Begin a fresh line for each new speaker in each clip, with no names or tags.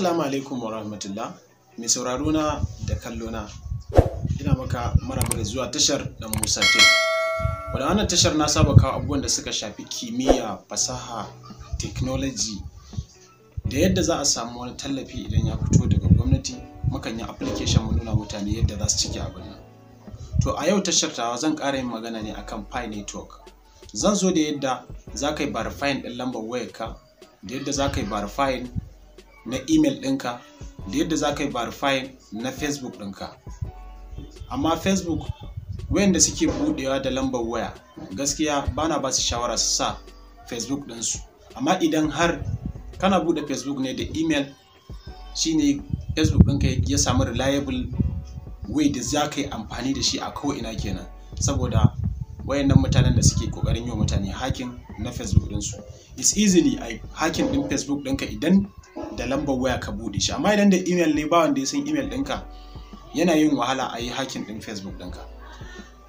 Assalamu alaikum wa rahmatullah. Mai sauraro na da kallo na. Ina maka maraba da zuwa tashar da Musa Tech. Wadda wannan tashar na saba kawo abubuwan da suka shafi kimiyya, fasaha, technology da yadda za a samu wani tallafi idan ya fito daga gwamnati mukan yi application mu nuna mutane yadda za su cike abin nan. To a yau tashar tawa zan ƙara yin magana ne akan Pi network. Zan zo da yadda za ka yi verifying ɗin lambar wayarka da yadda za ka yi verifying na email ɗinka da yadda za ka yi verifying na facebook ɗinka amma facebook wayanda suke budewa da lambar waya gaskiya bana ba su shawara su sa facebook ɗinsu amma idan har kana bude facebook ne da email shine facebook ɗinka ya samu reliable way da za ka yi amfani da shi a ko'ina kenan saboda wayannan mutanen da suke kokarin yi wa mutane hakin na facebook ɗinsu it's easily a hakin ɗin facebook ɗinka idan da lambar waya ka buɗe shi amma idan da email ne ba wanda ya san email ɗinka yana yin wahala a yi hakin din facebook ɗinka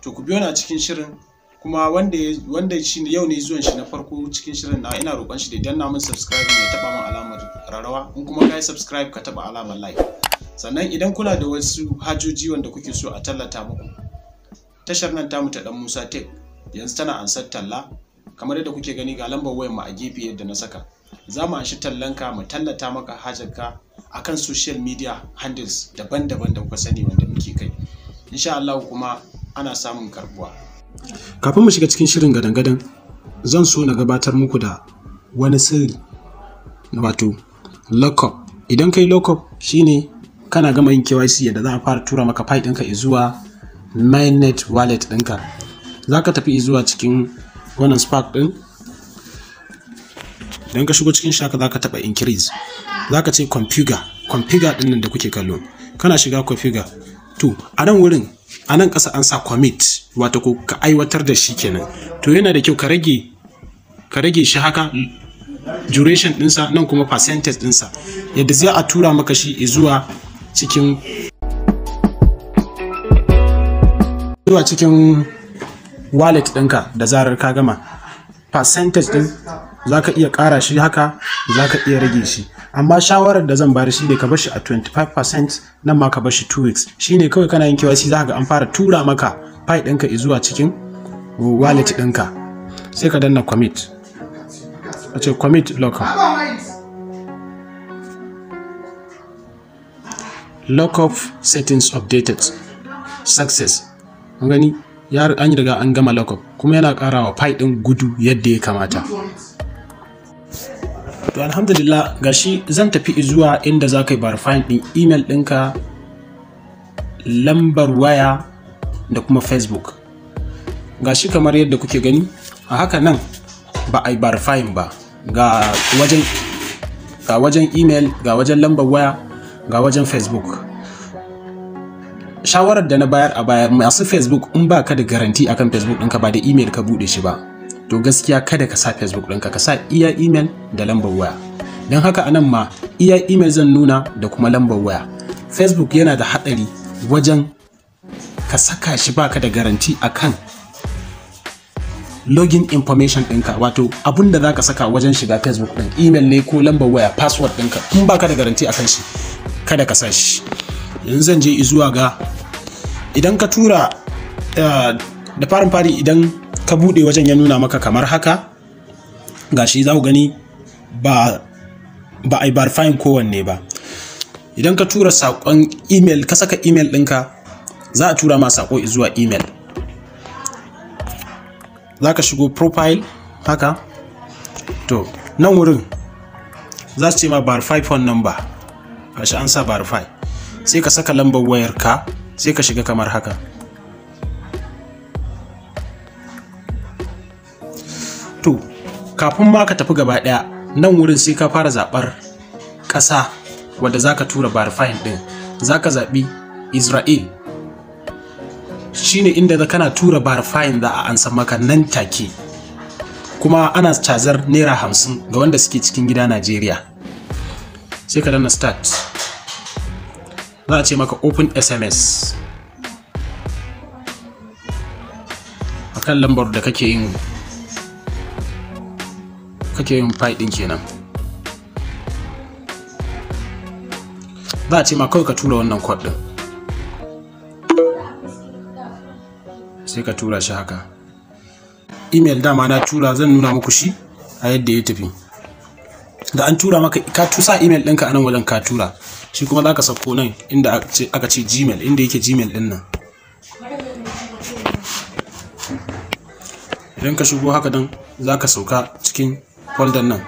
to ku biyo na cikin shirin kuma wanda wanda shi yau ne zuwan shi na farko cikin shirin na ina roƙon shi da idan mun subscribe ya taba mun alamar rarawa in kuma kai subscribe ka taba alamar like sannan idan kuna da wasu hajoji wanda kuke so a tallata muku tashar nan tamu ta dan Musa Tech yanzu tana ansar talla kamar yadda kuke gani ga lambar wayar mu a gefe yadda na saka za mu anshi tallanka mu tallata maka hajarka akan social media handles daban-daban da kuka sani wanda muke kai insha Allah kuma ana samun karbuwa kafin mu shiga cikin shirin gadan-gadan zan so na gabatar muku da wani sirri wato lockup idan kai lockup shine kana gama yin KYC yadda za a fara tura maka file ɗinka zuwa mainnet wallet ɗinka za ka tafi zuwa cikin wannan spark din idan ka shigo cikin shaka zaka taba increase zaka ce configure configure din nan da kuke kallo kana shiga configure to a nan wurin a nan ƙasa an sa commit wato ko ka aiwatar da shi kenan to yana da kyau ka rage ka rage shi haka duration dinsa nan kuma percentage ɗinsa yadda zai a tura maka shi zuwa cikin zuwa cikin wallet ɗinka da zarar ka gama percentage ɗin za ka iya ƙara shi haka za ka iya rage shi amma shawarar da zan bari shi ne ka bar shi a 25% nan ma ka bar shi 2 weeks shi ne kawai kana yin KYC za ga an fara tura maka file ɗinka zuwa cikin wallet ɗinka sai ka danna commit a ce commit local of settings updated success gani ya an riga an gama lakob kuma yana karawa fai din gudu yadda ya kamata to alhamdulillah gashi zan tafi zuwa inda za ka yi verifying din email ɗinka lambar waya da kuma facebook gashi kamar yadda kuke gani a haka nan ba a yi verifying ba ga wajen ga wajen email ga wajen lambar waya ga wajen facebook shawarar da na bayar a baya masu facebook in ba ka da garanti akan facebook ɗinka ba da email ka buɗe shi ba to gaskiya kada ka sa facebook ɗinka ka sa iya email da lambar waya don haka anan ma iya email zan nuna da kuma lambar waya facebook yana da haɗari wajen ka saka shi ba ka da garanti akan login information ɗinka wato abun da za ka saka wajen shiga facebook ɗin email ne ko lambar waya password ɗinka in ba ka da garanti akan shi kada ka sa shi yanzu zan je zuwa ga idan ka tura da farin fari idan ka bude wajen ya nuna maka kamar haka gashi za ku gani ba ba a yi barfayin kowanne ba idan ka tura saƙon email ka saka email ɗinka za a tura ma saƙo zuwa email za ka shigo profile haka to nan wurin za su ce ma verify phone number gashi an sa verify sai ka saka lambar wayar ka. sai ka shiga kamar haka to kafin ma ka tafi gaba ɗaya nan wurin sai ka fara zaɓar ƙasa wadda zaka tura bar ɗin za ka zaɓi israel shine inda kana tura fine za a ansa maka nan take kuma ana cazar naira hamsin ga wanda suke cikin gida najeriya sai ka danna start za a ce maka open sms a kan lambar da kake yin kake yin ɗin kenan za a ce ma kawai ka tura wannan kod sai ka tura shi haka email dama na tura zan nuna muku shi a yadda ya tafi da an tura maka ka tusa email ɗinka a nan wajen ka tura shi kuma za ka sauko nan inda aka ce gmail inda yake gmail ɗin nan idan ka shigo haka nan za ka sauka cikin folder nan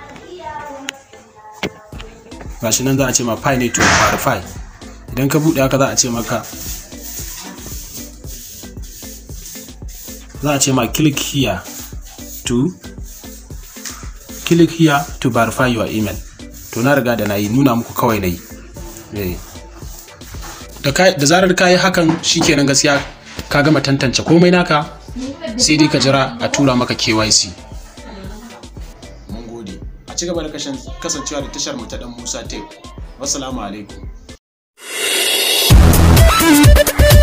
ba shi nan za a ce ma file ne to verify idan ka buɗe haka za a ce maka za a ce ma click here to click here to verify your email to na riga da na yi nuna muku kawai na yi eh. da zarar ka yi hakan shikenan gaskiya ka gama tantance komai naka sai dai ka jira a tura maka KYC mun gode a ci gaba da kasancewa da tashar mu ta dan Musa Tech wassalamu alaikum